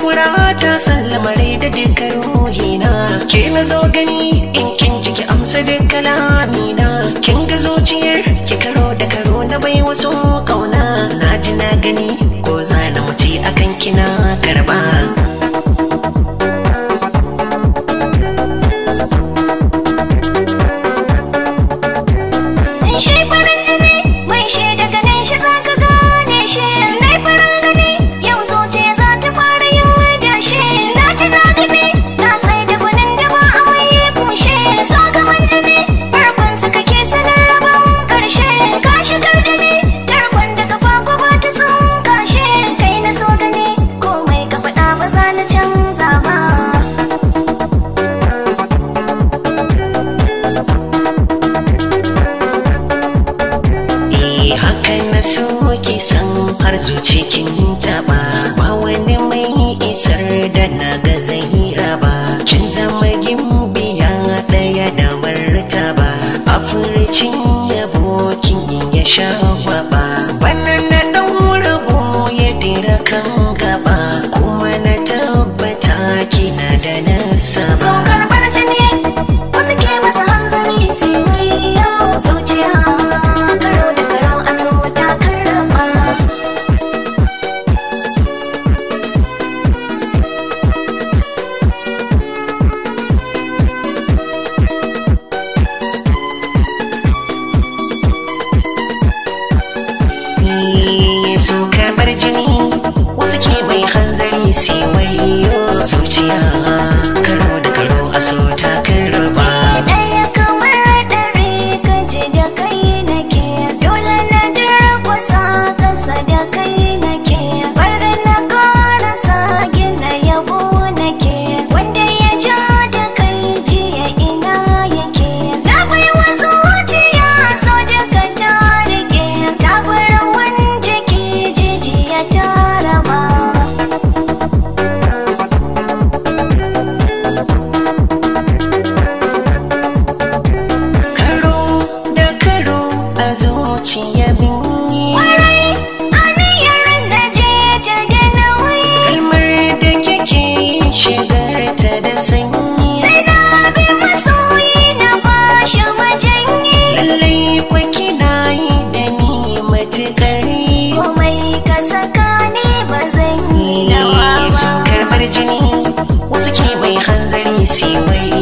kurata ta sallamare da dukkan ruhina ke na zo gani in kin jiki amsa duka lamina kin ga zuciyar ki karo da karo na bai wasu kauna na ji na gani ko za na mace akan kina su ki san har zuci kin taba ba wani mai isar da na ga zahira ba kin zama gimbiya daya da marta ba a furicin yabo kin ya sha ba bana na dan rabo ya dira kan see way